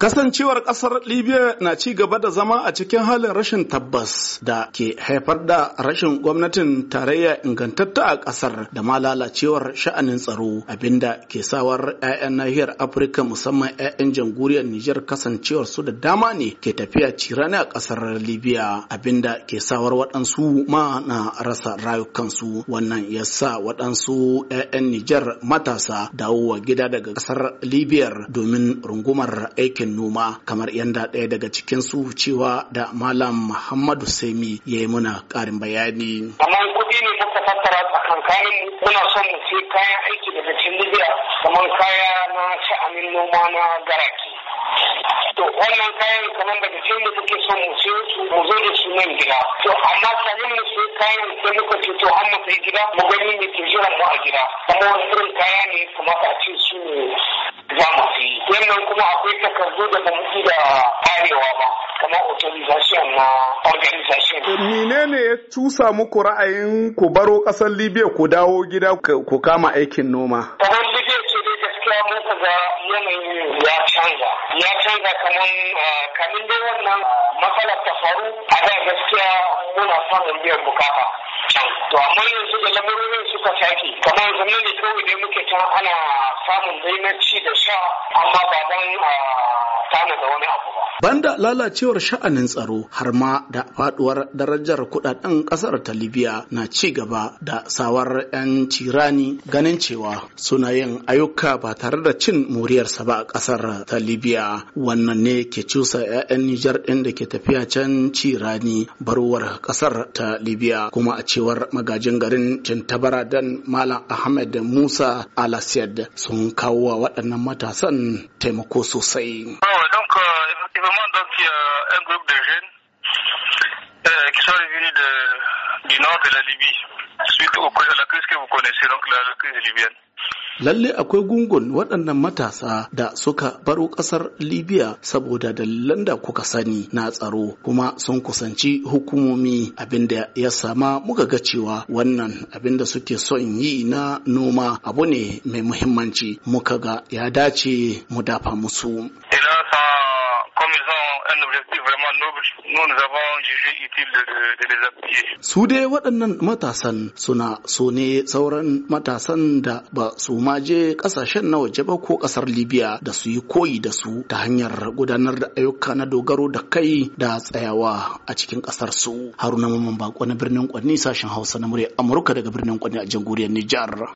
Kasancewar ƙasar Libya na ci gaba da zama a cikin halin rashin tabbas da ke haifar da rashin gwamnatin tarayya ingantatta a ƙasar da ma lalacewar sha'anin tsaro abinda ke sawar 'ya'yan nahiyar Afirka musamman 'ya'yan jamhuriyar Nijar kasancewar su da dama ne ke tafiya cirani a ƙasar Libya abinda ke sawar waɗansu ma na rasa rayukansu wannan ya sa waɗansu 'ya'yan Nijar matasa dawowa gida daga ƙasar Libya domin rungumar aikin aikin noma kamar yanda ɗaya daga cikin su cewa da malam muhammadu semi ya yi muna ƙarin bayani kamar kuɗi ne muka fassara tsakankanin muna son mu sai kayan aiki daga cikin kamar kaya na sha'anin noma na garaki to wannan kayan kamar daga cikin da son mu siyo su mu zo da su nan gida to amma kamin mu siyo kayan da muka ce to an mu gida mu gani ne ke jiran mu a gida kuma wani irin kaya ne kamata a ce su ne wannan kuma akwai takardu da ba mutu da karewa ba kamar organization na organization. Menene ya tusa muku ra'ayin ku baro kasar Libya ku dawo gida ku kama aikin noma? Kamar Libya ce dai gaskiya mun ga yanayin ya canza. Ya canza kamar ah, kamin dai wannan ah, matsalar ta faru a da gaskiya muna samun biyan bukata. To amma yanzu da lamurorin suka take kamar yanzu ne kawai ne muke can ana samun ci da sha 妈妈，帮我把三个给我拿过来。Banda lalacewar sha'anin tsaro har ma da faduwar darajar kudaden kasar ta Libya na ci gaba da sawar 'yan cirani ganin cewa suna yin ayyuka ba tare da cin moriyarsa ba a kasar ta Libya wannan ne ke cusa 'ya'yan Nijar ɗin da ke tafiya can cirani barwar kasar ta Libya kuma a cewar magajin garin cintabara dan Malam Ahmed Musa Alasiyad sun kawo wa waɗannan matasan taimako sosai. effectivement, donc, il y a un groupe de jeunes euh, qui sont revenus de, du nord de la Libye, suite au, à la crise que vous connaissez, donc la, la crise libyenne. lalle akwai gungun waɗannan matasa da suka baro ƙasar libya saboda dalilan da kuka sani na tsaro kuma sun kusanci hukumomi abinda ya sama muka ga cewa wannan abinda suke son yi na noma abu ne mai muhimmanci muka ga ya dace mu dafa musu ina un objectif vraiment noble. Nous, nous avons jugé utile de, de les appuyer. Su dai waɗannan matasan suna so ne sauran matasan da ba su maje ƙasashen na waje ba ko ƙasar Libya da su yi koyi da su ta hanyar gudanar da ayyuka na dogaro da kai da tsayawa a cikin ƙasar su. Haruna Mamman Bako birnin Kwanni sashen Hausa na murya Amurka daga birnin Kwanni a jamhuriyar Nijar.